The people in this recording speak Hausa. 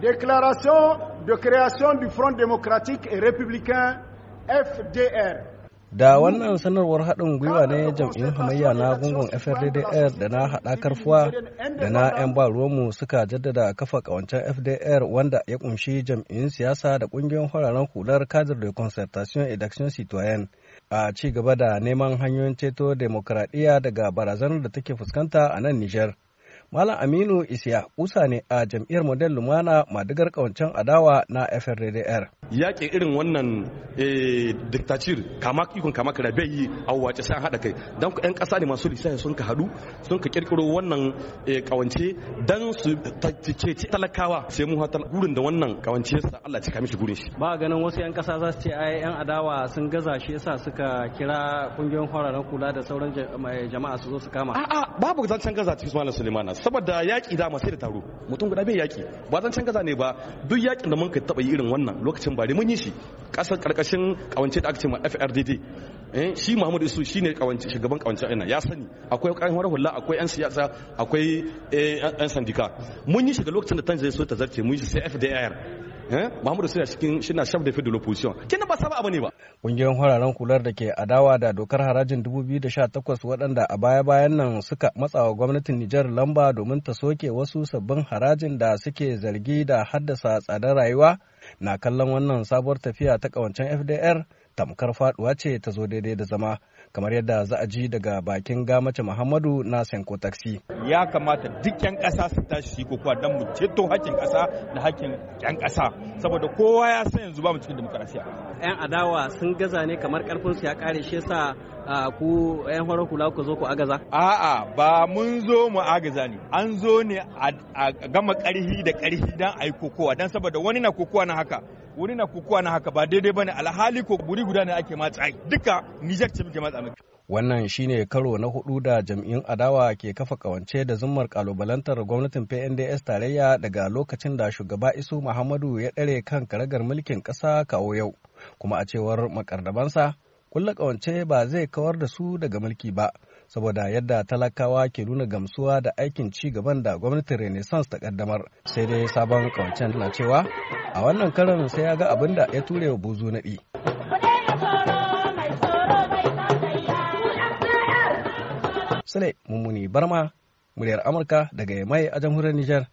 Déclaration de création du Front démocratique et républicain FDR. da wannan sanarwar haɗin gwiwa ne jam'iyyun hamayya na gungun FRDDR da na haɗa karfuwa da na 'yan ba ruwanmu suka jaddada kafa ƙawancen FDR wanda ya ƙunshi jam'iyyun siyasa da ƙungiyoyin fararen hular cadre de concertation et d'action citoyenne a ci gaba da neman hanyoyin ceto demokradiyya daga barazanar da take fuskanta a nan Nijar. Malam Aminu Isiya kusa ne a jam'iyyar Model Lumana madigar ƙawancen adawa na FRDDR. yaƙi irin wannan eh, diktacir kama ikon kama kira bai yi a wace sai an haɗa kai don ku 'yan ƙasa ne masu lissafi sun ka haɗu sun ka ƙirƙiro wannan eh, ƙawance don su ceci talakawa sai mu hatar gurin da wannan ƙawance sa Allah cika kamishi gurin shi. ba ganin wasu 'yan ƙasa za su ce ai 'yan adawa sun gaza shi yasa suka kira ƙungiyoyin fararen kula da sauran jama'a su zo su kama. a'a babu zancen gaza cikin malam sulemana saboda yaƙi da masu da taro mutum guda bai yaƙi ba zancen gaza ne ba duk yaƙin da mun ka taɓa yi irin wannan lokacin bari mun yi shi kasar karkashin kawance da aka ce ma FRDD eh, shi Muhammadu Isu shine kawance shugaban kawance ina ya sani akwai ƙarfin rahulla akwai yan siyasa akwai yan eh, sandika mun yi shi ga lokacin da tan zai so ta zarce mun yi shi sai FDR eh, Muhammadu Isu cikin shina shaf da fidda l'opposition kina ba saba abu ne ba kungiyoyin hararen kular da ke adawa da dokar harajin 2018 waɗanda a baya-bayan nan suka matsawa gwamnatin Nijar lamba domin ta soke wasu sabbin harajin da suke zargi da haddasa tsadar rayuwa na kallon wannan sabuwar tafiya ta kawancen fdr tamkar faduwa ce ta zo daidai da zama kamar yadda za a ji daga bakin gamace muhammadu na senko taxi ya kamata duk yan kasa su tashi su yi kokowa don mu ceto hakkin kasa da hakkin yan kasa saboda kowa ya san yanzu ba mu cikin demokarasiya yan adawa sun gaza ne kamar karfin su ya kare shi yasa ku yan horon kula ku zo ku agaza a'a ba mun zo mu agaza ne an zo ne a gama karhi da karhi dan ayi kokowa dan saboda wani na kokowa na haka wani na kukuwa na haka ba daidai bane alhali ko guri guda ne ake matsa duka Niger ce muke matsa miki wannan shine karo na hudu da jam'in adawa ke kafa kawance da zummar kalubalantar gwamnatin PNDS tarayya daga lokacin da shugaba Isu Muhammadu ya dare kan karagar mulkin kasa kawo yau kuma a cewar makardabansa kulla ƙawance ba zai kawar da su daga mulki ba saboda yadda talakawa ke nuna gamsuwa da aikin ci gaban da gwamnatin renaissance ta kaddamar sai dai sabon ƙawancen na cewa a wannan karan sai ya ga abin da ya ture wa buzu naɗi Sule Mummuni Barma, muryar Amurka daga Mai a jamhuriyar Nijar.